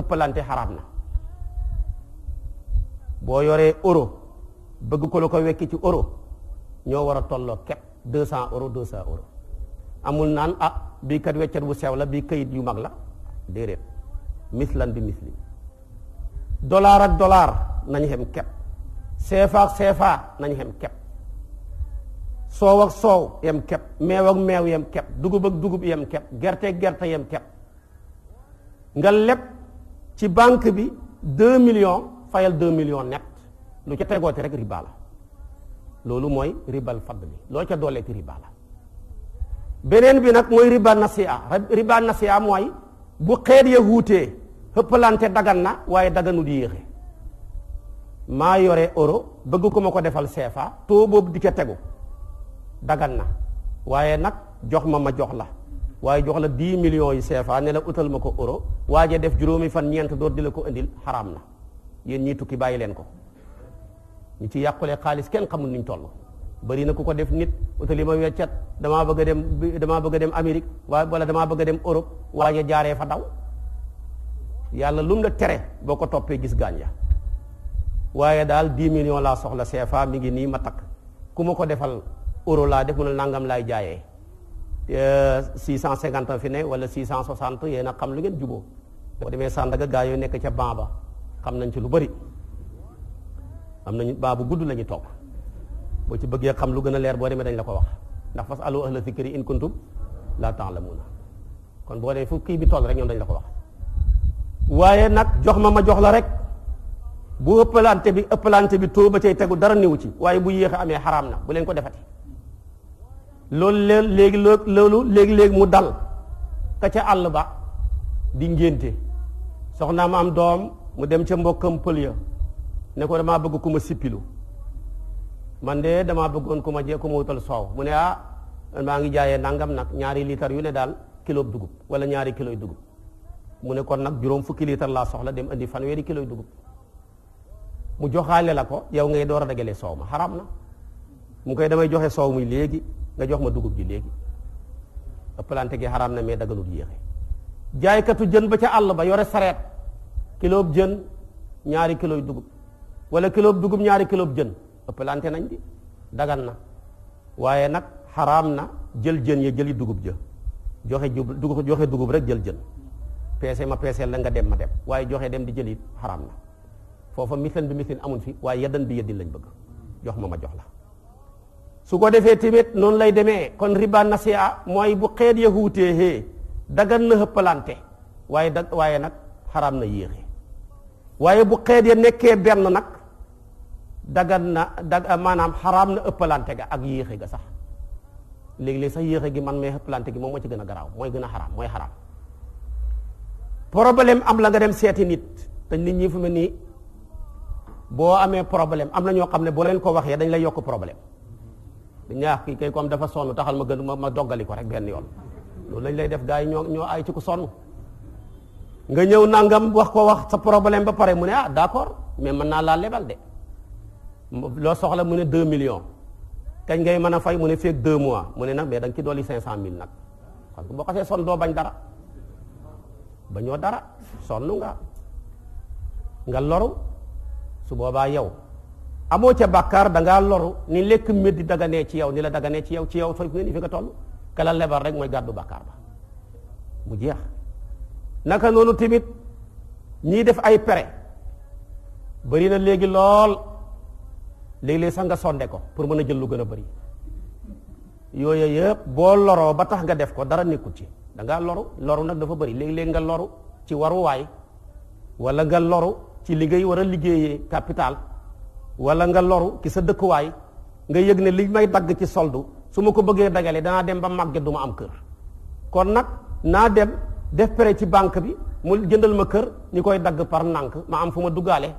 ëppalante xaraam na boo yoree euro bëgg ko la ko wekki ci euro ñoo war a tolloo képp deux cent euro deux cent euro amul naan ah bii kat weccat bu sew la bii kayit yu mag la déedéet mislan bi misli dollar ak dollar nañu xem képp CFA ak CFA nañu xem képp soow ak soow yem képp meew ak meew yem képp dugub ak dugub yem képp gerte gerte yem képp nga lépp ci banque bi 2 millions fayal 2 millions net lu ca tegooti rek riba la loolu mooy ribal bi loo ca dooleeti riba la beneen bi nag mooy riba nasiya riba nasiya mooy bu xeet ya wuutee xëppalante dagan na waaye daganu di yéexe maa yore euro bëgg ku ma ko defal CFA taux boobu di ca tegu dagan na waaye nag jox ma ma jox la waaye jox la 10 millions yi CFA ne la utal ma ko euro waaje def juróomi fan ñeent door di la ko indil xaraam na yéen ñi tukki bàyyi leen ko ñu ci yàqule xaalis kenn xamul niñ toll bari na ku ko def nit utali ma weccat damaa bëgg a dem damaa bëgg a dem Amérique waaye wala damaa bëgg dem Europe waaye jaaree fa daw yàlla lum la tere boo ko toppee gis gànja waaye daal 10 million laa soxla CFA mi ngi nii ma takk ku ma ko defal euro laa def mu ne nangam laay jaayee 650 fi ne wala 660 yéen nag xam lu ngeen juboo boo demee Sandaga gaa yooyu nekk ca ban ba xam nañ ci lu bëri am nañu baa bu gudd la ñu toog boo ci bëggee xam lu gën a leer boo demee dañ la ko wax ndax fas alu ahla zikri in kuntum la ta'lamuuna kon boo demee fu kii bi toll rek ñoom dañ la ko wax waaye nag jox ma ma jox la rek bu ëppalante bi ëppalante bi tóoba cay tegu dara néew ci waaye bu yéex amee xaraam na bu leen ko defati loolu léegi loolu léegi-léegi mu dal ka ca àll ba di ngénte soxnaam am doom mu dem ca mbokkam pël ya ne damaa bëgg ku ma sippilu man de damaa bëggoon ku ma jee ku ma wutal soow mu ne ah maa ngi jaayee nangam nag ñaari liitar yu ne daal kilo dugub wala ñaari kiloy dugub mu ne kon nag juróom fukki liitar laa soxla dem indi fan fanweeri kiloy dugub mu joxaale la ko yow ngay door a dagale soow ma xaram na mu koy damay joxe soow mi léegi nga jox ma dugub ji léegi planté gi xaraam na mais daganul yéexe jaaykatu jën ba ca àll ba yore sareet kiloob jën ñaari kilo dugub wala kiloob dugub ñaari kiloob jën planté nañ di dagan na waaye nag xaraam na jël jën ya jëli dugub ja joxe dugub joxe dugub rek jël jën peese ma peeseel la nga dem ma dem waaye joxe dem di jëli xaraam na foofa mislan bi mislin amul fi waaye yeddan bi yeddin lañ bëgg jox ma ma jox la su ko defee tamit noonu lay demee kon riba nasi'a mooy bu xeet ya wuutee hee dagan na hëppalante waaye dag waaye nag xaraam na yéexe waaye bu xeet ya nekkee benn nag dagan na da maanaam xaraam na ëppalante ga ak yéexe ga sax léegi-léeg sax yéexe gi man mee hëppalante gi moom moo ci gën a garaaw mooy gën a xaraam mooy xaraam problème am la nga dem seeti nit dañ nit ñi fu mel ni boo amee problème am na ñoo xam ne boo leen ko waxee dañ lay yokk problème dañuy wax kii kay comme dafa sonn taxal ma gën ma ma doggali ko rek benn yoon loolu lañ lay def gars yi ñoo ay ci ko sonn nga ñëw nangam wax ko wax sa problème ba pare mu ne ah d'accord mais mën naa laa lebal de loo soxla mu ne 2 million kañ ngay mën a fay mu ne feeg 2 mois mu ne nag mais da nga ci dolli 500000 nag parce que boo xasee sonn doo bañ dara bañoo dara sonn nga nga loru su boobaa yow. amoo ca bàkkaar da loru ni lekk méd di daganee ci yow ni la daganee ci yow ci yow fay ngeen fi nga toll kala lebar rek mooy gàddu bàkkaar ba mu jeex naka noonu tamit ñii def ay pere bari na léegi lool léegi-léeg sax nga sonde ko pour mën a jël lu gën a bëri yooyu yëpp boo loroo ba tax nga def ko dara nekkul ci dangaa loru loru nag dafa bari léegi-léeg nga loru ci waruwaay wala nga loru ci li ngay war a liggéeyee capital wala nga loru ci sa dëkkuwaay nga yëg ne li may dagg ci soldu su ma ko bëggee dagale danaa dem ba màgget du ma am kër kon nag naa dem def pere ci banque bi mu jëndal ma kër ni koy dagg par nànk ma am fu ma duggaale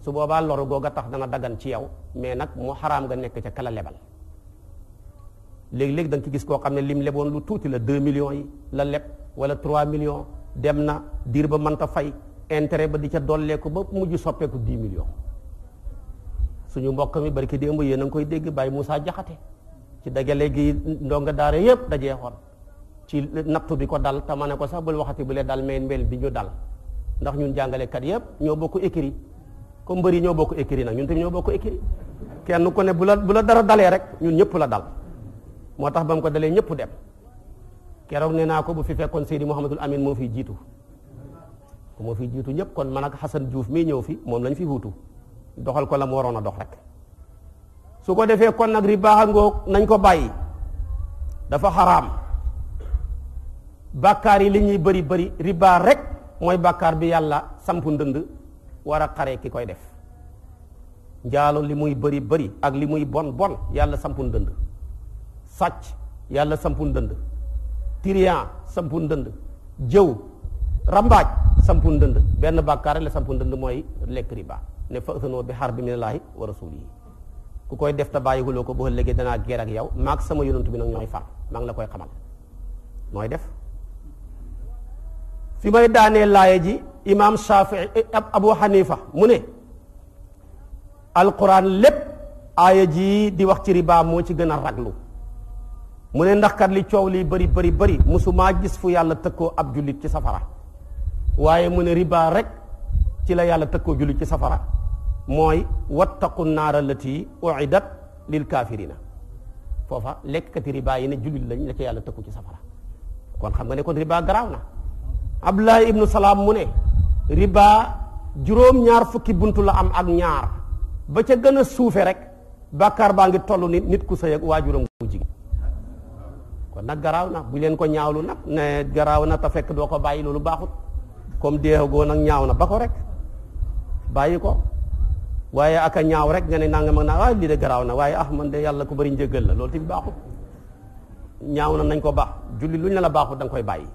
su boobaa loru googa tax dana daggan ci yow mais nag mu xaraam nga nekk ca kala lebal léeg léegi danga nga ci gis koo xam ne lim leboon lu tuuti la deux millions yi la leb wala trois millions dem na diir ba mënta fay intérêt ba di ca dolleeku ba mujj soppeeku dix millions suñu mbokk mi barki démb yéen a ngi koy dégg Baye Moussa Jaxate ci dajale gi ndonga daara yëpp dajeexoon ci nattu bi ko dal te ne ko sax bul waxati bu le dal mel mel bi ñu dal ndax ñun jàngale kat yëpp ñoo bokk écrit comme mbëri ñoo bokk écrit nag ñun tamit ñoo bokk écrit kenn ku ne bu la bu la dara dalee rek ñun ñëpp la dal moo tax ba mu ko dalee ñëpp dem keroog nee naa ko bu fi fekkoon Seydi Mouhamadul Amin moo fiy jiitu moo fiy jiitu ñëpp kon man ak Xasan Diouf ñëw fi moom lañ fi wuutu doxal ko la mu waroon a dox rek su ko defee kon nag riba ngoog nañ ko bàyyi dafa xaraam bàkkaar yi li ñuy bëri bëri riba rek mooy bàkkaar bi yàlla samp ndënd war a xare ki koy def njaalo li muy bëri bëri ak li muy bon bon yàlla sampu ndënd sàcc yàlla sampu ndënd tiriyan sampu ndënd jëw rambaaj sampu ndënd benn bàkkaar la sampu ndënd mooy lekk riba ne fa ësanoo bi xar bi a wa rasulihi ku koy def te bàyyihuloo ko boo léegi danaa ger ak yow maag sama yonantu bi nag ñooy far maa ngi la koy xamal nooy def fi may daanee laaye ji imaam Shafii eh, Abu Hanifa mu ne alquran lépp aaya ji di wax ci riba moo ci gën a raglu mu ne ndax kat li coow li bëri bëri bëri musumaa gis fu yàlla tëkkoo ab jullit ci safara waaye mu ne riba rek ci la yàlla tëkkoo jullit ci safara mooy wattaqu naara allati uidat lil kaafirina foofa lekkati riba yi ne jullit lañ la ca yàlla tëkku ci safara kon xam nga ne kon riba garaaw na abdullah ibnu salaam mu ne riba juróom ñaar fukki buntu la am ak ñaar ba ca gën a suufe rek bàkkaar baa ngi toll nit nit ku sëy waa waajuram bu jigéen kon nag garaaw na bu leen ko ñaawlu nag ne garaaw na te fekk doo ko bàyyi loolu baaxut comme déexagoo nag ñaaw na ba ko rek bàyyi ko waaye ak a ñaaw rek nga ne nangam ak naa waaye ah, lii de garaaw na waaye ah man de yàlla ku bari njëggal la loolu tamit baaxut ñaaw na nañ ko baax julli luñ la la baaxut danga koy bàyyi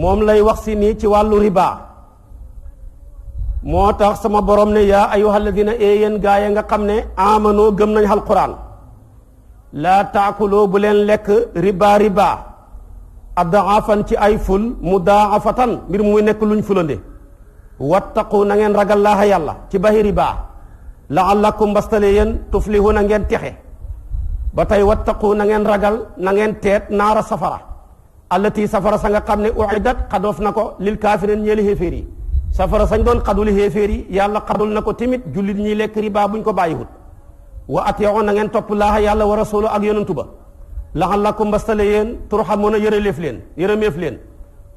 moom lay wax si nii ci wàllu ribaa moo tax sama borom ne yaa ayyuhal ladina ee eh, yéen gaa ya nga xam ne amanoo gëm nañ alquran laa taakuloo bu leen lekk riba riba addaafan ci ay ful mudaafatan mbir muy nekk luñ fulande wattaqu na ngeen ragal laaxa yàlla ci bahiri baa laallakum mbastale yéen tuflihu na ngeen texe ba tey wattaqu na ngeen ragal na ngeen teet naara safara allati safara sa nga xam ne uidat xadoof na ko lil kaafirin ñeeli xéeféer yi safara sañ doon xaduli xéeféer yi yàlla xadul na ko tamit jullit ñi lekk riba buñ ko bàyyiwut wa atiyoon na ngeen topp laaxa yàlla wa rasuulu ak yonantu ba laxallakum mbastale yéen turxamuuna yërëleef leen yërëmeef leen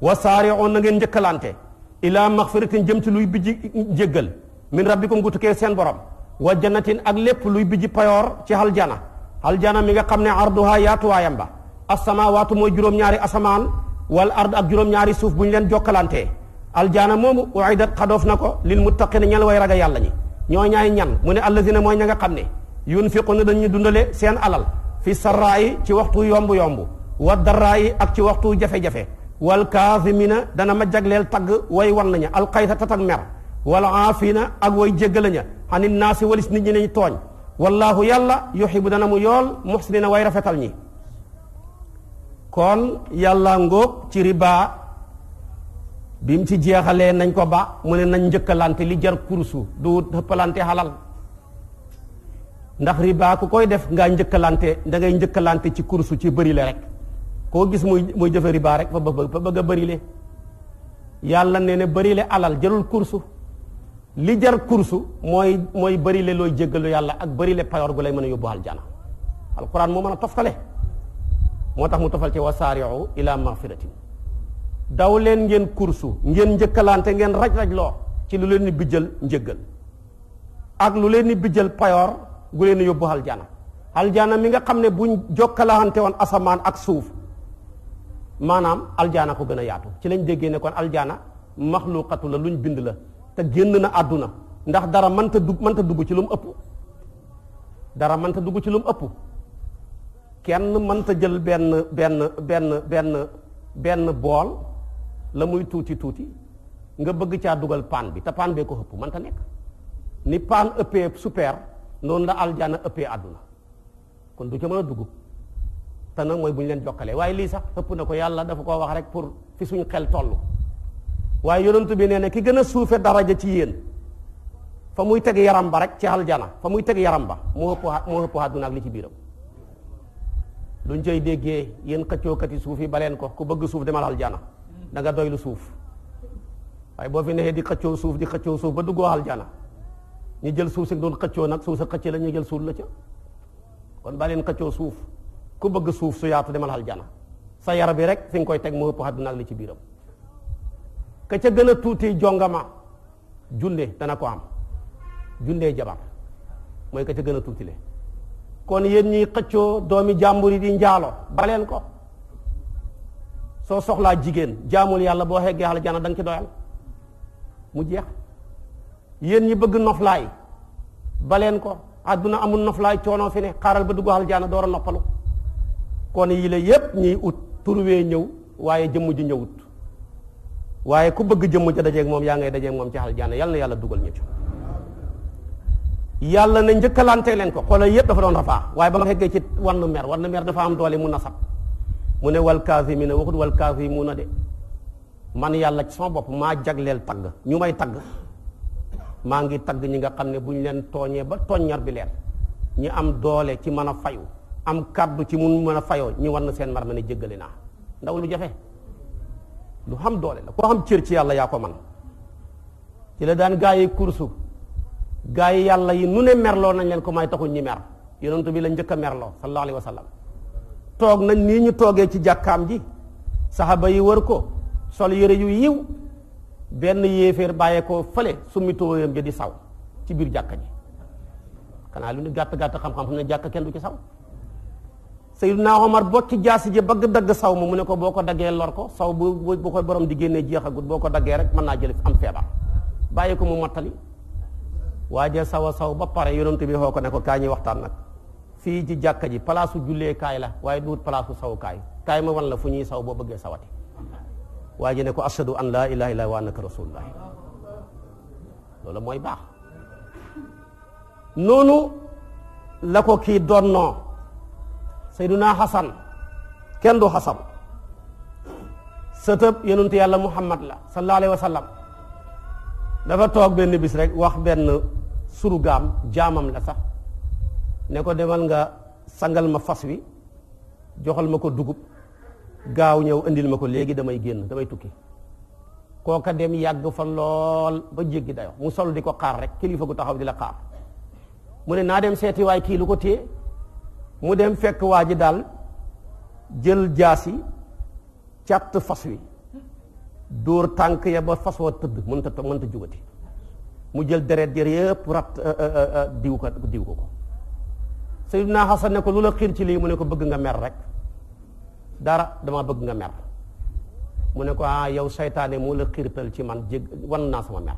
wa saari'u na ngeen njëkkalante ilaa maxfiratin jëm ci luy bijji njéggal min rabbikum gu tukkee seen borom wa jannatin ak lépp luy bijji payoor ci aljana aljana mi nga xam ne arduha yaatuwaayam ba waatu mooy juróom-ñaari asamaan wal ard ak juróom-ñaari suuf bu ñu leen jokkalantee aljana moomu uidat xadoof na ko lil muttaqina ñal way raga yàlla ñi ñoo ñaay ñan mu ne allazina mooy ña nga xam ne yunfiquna dañuy dundale seen alal fi sarraayi ci waxtu yombu yomb wa darraayi ak ci waxtu jafe-jafe wal kaazimina dana ma jagleel tagg way wan naña alxaysa tatag mer wal aafina ak way jéggala ña xani naasi walis nit ñi nañ tooñ wallaahu yàlla yuxibu dana mu yool muxsinina way rafetal ñi kon yàlla ngóog ci riba bi mu ci jeexalee nañ ko ba mu ne nañ njëkkalante li jar kursu du hëppalante halal ndax riba ku koy def ngaa njëkkalante dangay ngay njëkkalante ci kursu ci bërile rek koo gis muy muy jëfe riba rek fa bëgg a bërile yàlla nee ne bërile alal jarul kursu li jar kursu mooy mooy bërile looy jéggalu yàlla ak bërile payoor gu lay mën a yóbbu aljana alquran moo mën a toftale moo tax mu tofal ci wasaariu ila magfiratin daw leen ngeen kursu ngeen njëkkalante ngeen raj-raj loo ci lu leen ni bijjal njëggal ak lu leen ni bijjal payoor gu leen yóbbu aljana aljana mi nga xam ne buñ jokkalante woon asamaan ak suuf maanaam aljana ko gën a yaatu ci lañ déggee ne kon aljana maxluqatu la luñ bind la te génn na àdduna ndax dara mënta dugg mënta dugg ci lu mu ëpp dara mënta dugg ci lu ëpp kenn mënta jël benn benn benn benn benn bool la muy tuuti tuuti nga bëgg caa dugal paan bi te paan bee ko ëpp mënta nekk ni paan ëppee super noonu la aljana ëppee àdduna kon du ca mën a dugg te nag mooy bu ñu leen jokkalee waaye lii sax ëpp na ko yàlla dafa ko wax rek pour fi suñ xel toll waaye yonent bi nee na ki gën a suufe daraja ci yéen fa muy teg yaram ba rek ci aljana fa muy teg yaram moo ëpp moo àdduna ak li ci biiram luñ cay déggee yéen xëccookat yi suuf yi baleen ko ku bëgg suuf demal aljana da nga suuf waaye boo fi nexee di xëccoo suuf di xëccoo suuf ba duggoo aljana ñu jël suuf si doon xëccoo nag suuf sa xëccee la ñu jël suuf la ca kon ba leen xëccoo suuf ku bëgg suuf su yaatu demal jana sa yara bi rek fi nga koy teg moo ëpp àdduna ak li ci biiram ka ca gën a tuuti jongama junde dana ko am jundee jabar mooy ka ca gën a tuuti le kon yéen ñuy xëccoo doomi jàmbur yi di njaalo baleen ko soo soxlaa jigéen jaamul yàlla boo xeggee aljana da nga ci doyal mu jeex yéen ñi bëgg noflaay baleen ko àdduna amul noflaay coono fi ne xaaral ba dugg aljaana door a noppalu kon yii la yépp ñiy ut turwee ñëw waaye jëmm ji ñëwut waaye ku bëgg jëmm ja dajeeg moom yaa ngay dajeeg moom ci aljaana yal na yàlla dugal ñu ci yàlla ne njëkkalante leen ko xoolal yëpp dafa doon rafaa waaye ba ma xeggee ci wann mer wann mer dafa am doole mun mu nasab mu ne wal kaazimiina waxut wal mu kaazimuuna de man yàlla soo sama bopp maa jagleel tagg ñu may tagg maa ngi tagg ñi nga xam ne bu ñu leen tooñee ba tooñ tooññar bi leen ñi am doole ci mën a fayu am kàddu ci mun mën a fayoo ñi war na seen mar ma ne jéggale naa ndaw lu jafe lu xam doole la koo xam cër ci yàlla yaa ko man ci la daan gaa yi kursu gaa yi yàlla yi nu ne merloo nañ leen ko may taxuñ ñi mer yonentu bi la njëkk a merloo sallallahu alayhi wa sallam toog nañ nii ñu toogee ci jàkkaam ji sahaba yi war ko sol yëre yu yiw benn yéeféer bàyyeekoo ko fële summi tooyam ja di saw ci biir jàkka ji xanaa lu nit gàtt-gàtt xam-xam xam ne jàkka kenn du ci saw Seydina Omar bokki jaasi ji bëgg dagg saw ma mu ne ko boo ko daggee lor ko saw bu bu koy borom di génnee jeexagut boo ko daggee rek mën naa jël am feebar bàyyi ko mu mottali waaje sawa saw ba pare yonent bi xoo ko ne ko kaa ñi waxtaan nag fii ci jàkka ji palaasu jullee kaay la waaye duut palaasu saw kaay kaay ma wan fu ñuy saw boo bëggee sawati waa ji ne ko ashadu an laa ilaha illa wa annaka rasulullah loolu mooy baax noonu la ko kii donnoo sayduna xasan kenn du xasan sëtëb yonent yàlla muhammad la sallallahu alayhi wa sallam dafa toog benn bis rek wax benn surugaam jaamam la sax ne ko demal nga sangal ma fas wi joxal ma ko dugub gaaw ñëw indil ma ko léegi damay génn damay tukki kooka dem yàgg fa lool ba jéggi dayo mu sol di ko xaar rek kilifa gu taxaw di la xaar mu ne naa dem seeti waay kii lu ko téye mu dem fekk waa ji daal jël jaasi càtt fas wi dóor tànk ya ba fas wa tëdd mënta mënta jugati mu jël deret jër yëpp rat euh, euh, euh, diw ko diw ko ko Sayyidina Hasan ne ko lu la xiir ci lii mu ne ko bëgg nga mer rek dara damaa bëgg nga mer mu ne ko ah yow seytaane moo la xirtal ci man jég wan naa sama mer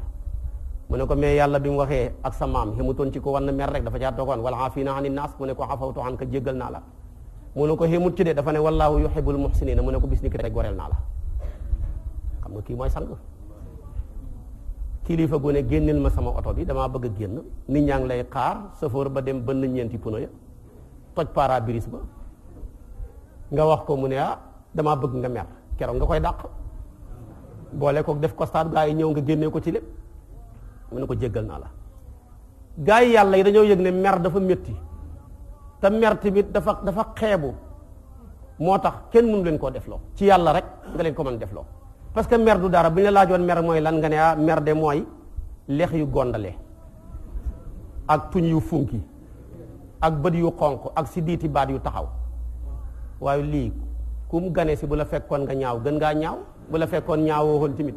mu ne ko mais yàlla bi mu waxee ak sa maam xemutoon ci ko wan mer rek dafa caa toogoon wala aafina ani naas mu ne ko afawtu an ka jéggal ko xemut ci de dafa ne wallaahu yuhibbul muhsinina mu ne ko bis ni ki rek goreel naa xam nga kii mooy sang kilifa gu ne génneel ma sama oto bi damaa bëgg a génn nit ñaa ngi lay xaar chauffeur ba dem bënn ñeenti pneu ya toj pare-brise ba nga wax ko mu ne ah damaa bëgg nga mer keroog nga koy dàq boole ko def constat gaa yi ñëw nga génnee ko ci lépp mu ne ko jéggal naa la gaa yi yàlla yi dañoo yëg ne mer dafa métti te mer tamit dafa dafa xeebu moo tax kenn mënu leen koo defloo ci yàlla rek nga leen ko mën defloo parce que mer du dara bu ñu laajoon mer mooy lan nga ne ah mer de mooy lex yu gondale ak tuñ yu funki ak bët yu xonq ak si diiti baat yu taxaw waaye lii ku mu gane si bu la fekkoon nga ñaaw gën ngaa ñaaw bu la fekkoon ñaawoo woon tamit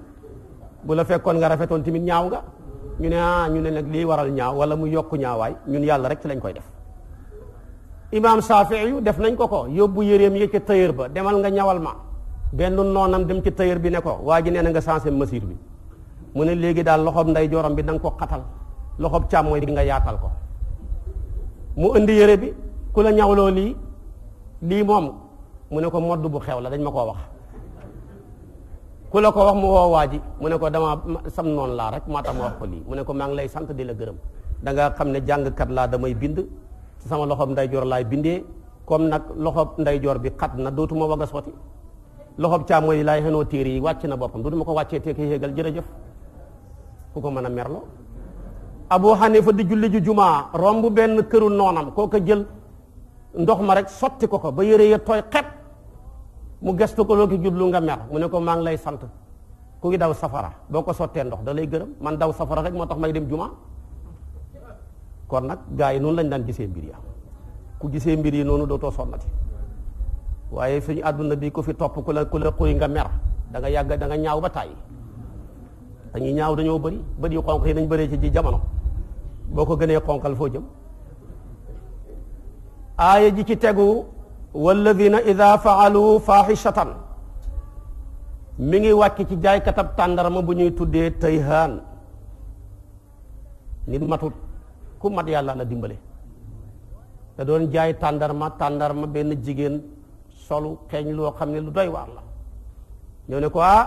bu la fekkoon nga rafetoon tamit ñaaw nga ñu ne ah ñu ne nag lii waral ñaaw wala mu yokk ñaawaay ñun yàlla rek ci lañ koy def imaam Saafi yu def nañ ko ko yóbbu yéreem yi ca tailleur ba demal nga ñawal ma benn noonam dem ci tailleur bi ne ko waa ji nee nga sensé mesure bi mu ne léegi daal loxob nday joram bi da ko xatal loxob càmmooy bi nga yaatal ko mu indi yére bi lii moom mu ne ko modd bu xew la dañ ma ko wax ku la ko wax mu woo waa ji mu ne ko dama sam noon laa rek maa tax ma wax ko lii mu ne ko maa lay sant di la gërëm da xam ne jàngkat laa damay bind ci sama loxob ndeyjoor laay bindee comme nag loxob ndeyjoor bi kat na dootuma wag a sotti loxob càmmooñ laay xenoo téere yi wàcc na boppam dootuma ko wàccee te koy yéegal jërëjëf ku ko mën a merlo Abu Hanifa di julli jumaa romb benn këru noonam koo ko jël ndox ma rek sotti ko ko ba yére ya tooy xet mu gestu ko loo ki jublu nga mer mu ne ko maa ngi lay sant ku ngi daw safara boo ko sottee ndox da lay gërëm man daw safara rek moo tax may dem juma kon nag gars yi noonu lañ daan gisee mbir ya ku gisee mbir yi noonu dootoo sonnati waaye suñu àdduna bi ko fi topp ku la ku la xuy nga mer da nga yàgg danga ñaaw ba tàyyi dañuy ñaaw dañoo bëri bët yu xonq yi nañ bëree ci ji jamono boo ko gënee xonqal foo jëm aaya ji ci tegu walladina ida faalu faaxishatan mu ngi wàcc ci jaaykatab tàndarma bu ñuy tuddee tayhaan nit matut ku mat yàlla la dimbale da doon jaay tàndarma tàndarma benn jigéen solu xeeñ loo xam ne lu doy waar la ñoo ne ko ah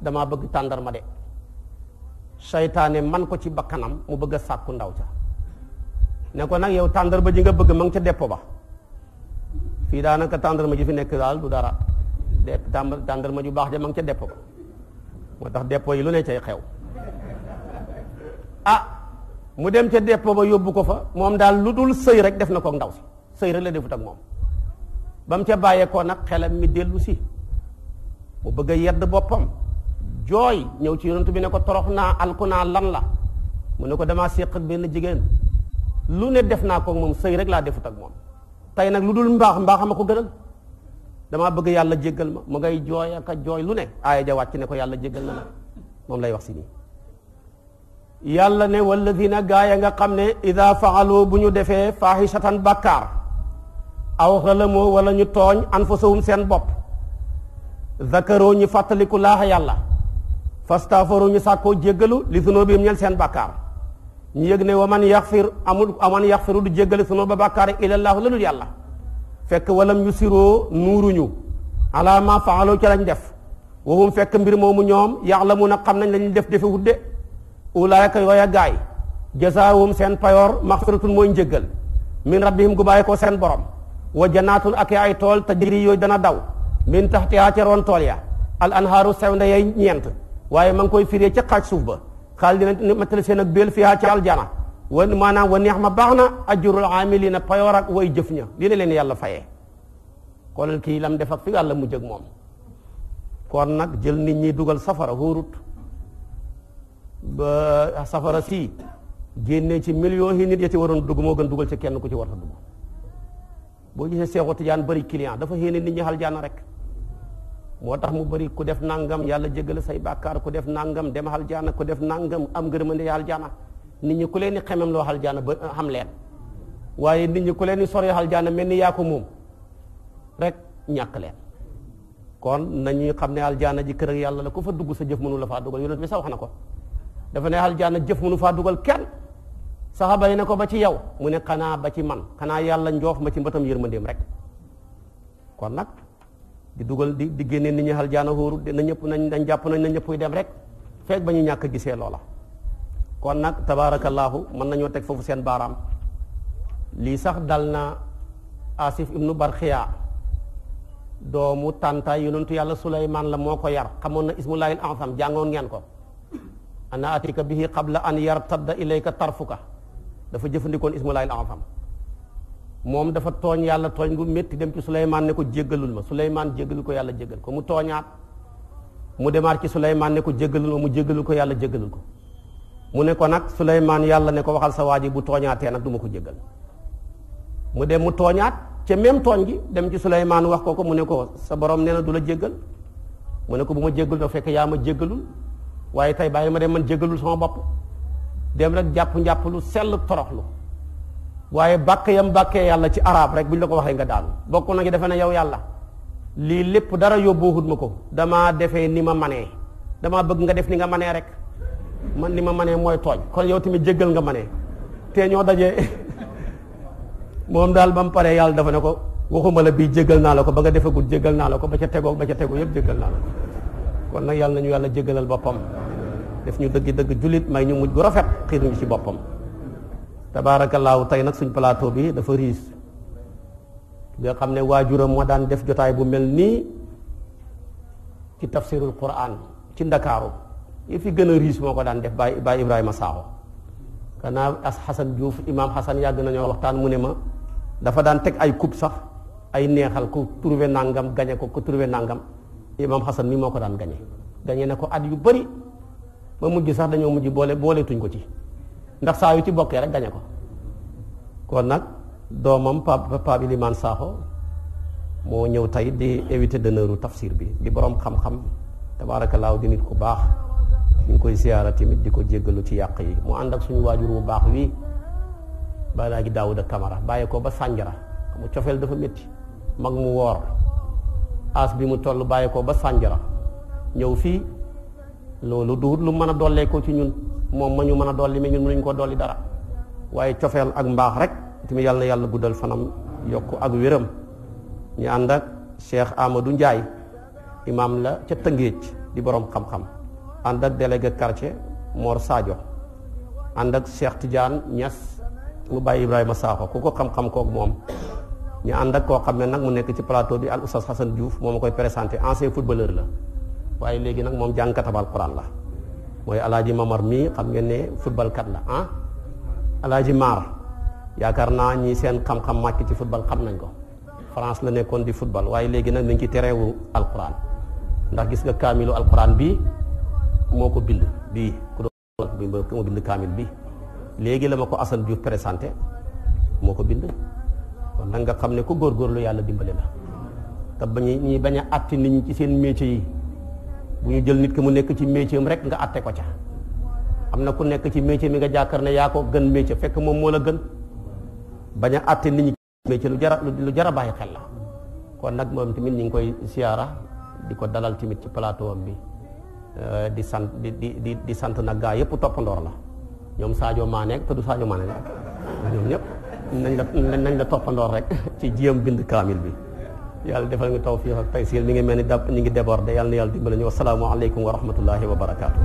damaa bëgg tàndarma de seytaane man ko ci bakkanam mu bëgg a ndaw ca ne ko nag yow tàndarma ji nga bëgg ma ngi ca deppo ba fii daanaka tàndarma ji fi nekk daal du dara de tàndarma ju baax ja ma ngi ca deppo ba moo tax deppo yi lu ne xew ah mu dem ca deppo ba yóbbu ko fa moom daal lu dul sëy rek def na ko ndaw si sëy rek la defut ak moom bam mu ca bàyyeekoo nag xelam mi dellu si mu bëgg yedd boppam jooy ñëw ci yonent bi ne ko torox naa alku naa lan la mu ne ko damaa séq ak benn jigéen lu ne def naa ko moom sëy rek laa defut ak moom tey nag lu dul mbaax mbaaxama ko gënal damaa bëgg yàlla jéggal ma mu ngay jooy ak jooy lu ne aaya ja wàcc ne ko yàlla jéggal na la moom lay wax si nii yàlla ne na gaaya nga xam ne ida faxaloo bu ñu defee faaxisatan bàkkaar aw xalamoo wala ñu tooñ anfusahum seen bopp zakaroo ñu fàttaliku laax yàlla fastaafaroo ñu sàkkoo jéggalu li zunubihim ñeel seen bàkkaar ñu yëg ne wa man yaxfir amul aman yaxfiru du jéggale sunu ba bàkkaar ilallaahu la dul yàlla fekk walam yu siroo nuuruñu ala ma faaloo ca lañ def waxum fekk mbir moomu ñoom yaxlamuuna xam nañ lañu def defe wudde ulaayaka yooya gaay jasaawum seen payoor maxfiratun mooy njëggal min rabbihim gu bàyyi ko seen borom wa janaatun ak ay tool te jiri yooyu dana daw min taxtihaa ca tool ya al anhaaru sew nda yay ñeent waaye ma koy firee ca xaaj suuf ba xaal dina matale seen ak béel fiha ci aljana wan maanaam wa neex ma baax na ajurul amilina payoor ak way jëf ña lii leen yàlla fayee xoolal kii lam def ak fi yàlla mujj moom kon nag jël nit ñi dugal safara hóorut ba safara sii génnee ci millions yi nit ya waroon dugg moo gën dugal ci kenn ku ci war a dugg boo gisee Seexu Tijaan bari client dafa yéene nit ñi xal rek moo tax mu bari ku def nangam yàlla jéggal say bàkkaar ku def nangam dem aljaana ku def nangam am ngërëmande aljaana nit ñi ku leen di xemam loo aljaana ba xam leen waaye nit ñi ku leen di sori aljaana mel ni yaa ko moom rek ñàkk leen kon nañuy xam ne aljaana ji kër ak yàlla la ku fa dugg sa jëf mënu faa dugal yonent bi sax wax na ko dafa ne aljaana jëf mënu faa dugal kenn saxaba yi ne ko ba ci yow mu ne xanaa ba ci man xanaa yàlla njoof ma ci mbatam yërmandeem rek kon nag di dugal di di génne nit ñi xal jaana hóoru na ñëpp nañ dañ jàpp nañ na ñëppuy dem rek feeg ba ñu ñàkk gisee loola kon nag tabaarakallaahu mën nañoo teg foofu seen baaraam lii sax dal na asif ibnu barxiya doomu tàntaay yonentu yàlla suleymaan la moo ko yar xamoon na ismullaahil ansam jàngoon ngeen ko ana bi bihi qabla an yartadda ilayka tarfuka dafa jëfandikoon ismullaahil ansam moom dafa tooñ yàlla tooñ gu métti dem ci Souleymane ne ko jéggalul ma Souleymane jéggalul ko yàlla jéggal ko mu tooñaat mu demaat ci Souleymane ne ko jéggalul ma mu jéggalul ko yàlla jéggalul ko mu ne ko nag Souleymane yàlla ne ko waxal sa waa ji bu tooñaatee nag du ma ko jéggal mu dem mu tooñaat ca même tooñ gi dem ci Souleymane wax ko ko mu ne ko sa borom nee na du la jéggal mu ne ko bu ma jéggalul nag fekk yaa ma jéggalul waaye tey bàyyi ma dem man jéggalul sama bopp dem rek jàpp njàpp lu sell toroxlu waaye bàkk yam bàkkee yàlla ci arab rek bu ñu la ko waxee nga daanu bokk na ngi defe ne yow yàlla lii lépp dara yóbbuwut ma ko damaa defe ni ma manee damaa bëgg nga def ni nga manee rek man ni ma manee mooy tooñ kon yow tamit jéggal nga manee te ñoo dajee moom daal ba mu paree yàlla dafa ne ko waxuma la bii jéggal naa la ko ba nga defagul jéggal naa la ko ba ca tegoo ba ca tegoo yëpp jéggal naa la ko kon nag yàlla ñu yàlla jéggalal boppam def ñu dëgg dëgg jullit may ñu mujj rafet xiir ci boppam tabaarakallaahu tey nag suñ plateau bi dafa riis nga xam ne waajuram moo daan def jotaay bu mel nii ci tafsirul quran ci ndakaaru yi fi gën a riis moo ko daan def baay baay Ibrahima Sakho kanaa as Xasan Diouf imaam Xasan yàgg nañoo waxtaan mu ne ma dafa daan teg ay coupe sax ay neexal ku trouvé nangam gañe ko ku trouvé nangam imaam Xasan mi moo ko daan gañe gañe na ko at yu bari ba mujj sax dañoo mujj boole booleetuñ ko ci ndax saa yu ci bokkee rek gañe ko kon nag doomam Pape Pape Ilimane Sakho moo ñëw tey di invité d'honneur tafsir bi di borom xam-xam tabaarakallaahu di nit ku baax ñu ngi koy siyaara tamit di ko jéggalu ci yàq yi mu ànd ak suñu waajur bu baax wii ba laa ji Daawuda Camara bàyyi ba Sanjara mu cofeel dafa metti mag mu woor as bi mu toll bàyyi ko ba Sanjara ñëw fii loolu duut lu mën a dollee ko ci ñun moom ma ñu mën a dolli mais ñun mënuñ ko dolli dara waaye cofeel ak mbaax rek tamit yàlla na yàlla guddal fanam yokk ak wéram ñu ànd ak Cheikh Amadou njaay imam la ca Tëngéej di boroom xam-xam ànd ak délégué quartier Mor saajo ànd ak Cheikh tijaan ñas mu bàyyi Ibrahima Sakho ku ko xam-xam kook moom ñu ànd ak koo xam ne nag mu nekk ci plateau bi al oustaz Hassan juuf moo ma koy présenté ancien footballeur la waaye léegi nag moom jàngkatab alquran la mooy alaaji mamar mii xam ngeen ne football kat la ah alaaji maar yaakaar naa ñi seen xam-xam màcc ci football xam nañ ko France la nekkoon di football waaye léegi nag nañ ci tereewu alquran ndax gis nga kaamilu alquran bi moo ko bind bii ku doon moo bind kaamil bi léegi la ma ko Assane jur présenté moo ko bind kon nag nga xam ne ku góorlu yàlla dimbale la te ba ñuy bañ a àtti nit ñi ci seen métier bu ñu jël nit ki mu nekk ci métier am rek nga atte ko ca am na ku nekk ci métier bi nga jàkkar ne yaa ko gën métier fekk moom moo la gën bañ a atte nit ñi métier lu jara lu jara bàyyi xel la kon nag moom tamit ñu ngi koy siyaara di ko dalal tamit ci plateau am bi euh, di sant di di di sant nag gaa yëpp toppandoor la ñoom Sadio Mané te du Sadio Mané ñoom ñëpp nañ la nañ la toppandoor rek ci jiyam bind kaamil bi yàlla defal nga tawfiq ak taysir mi ngi mel ni dab ñu ngi débordé yàlla na yàlla dimbali ñu wasalaamu aleykum wa rahmatullahi wa barakaatu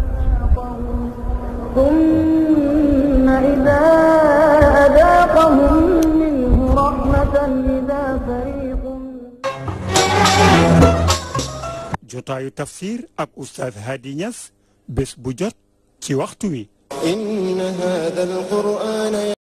thumma idha adaqahum minhu rahmatan idha fariqun jotaayu tafsir ak oustaz Hadi Niass bés bu jot ci waxtu wi inna hadha al-qur'ana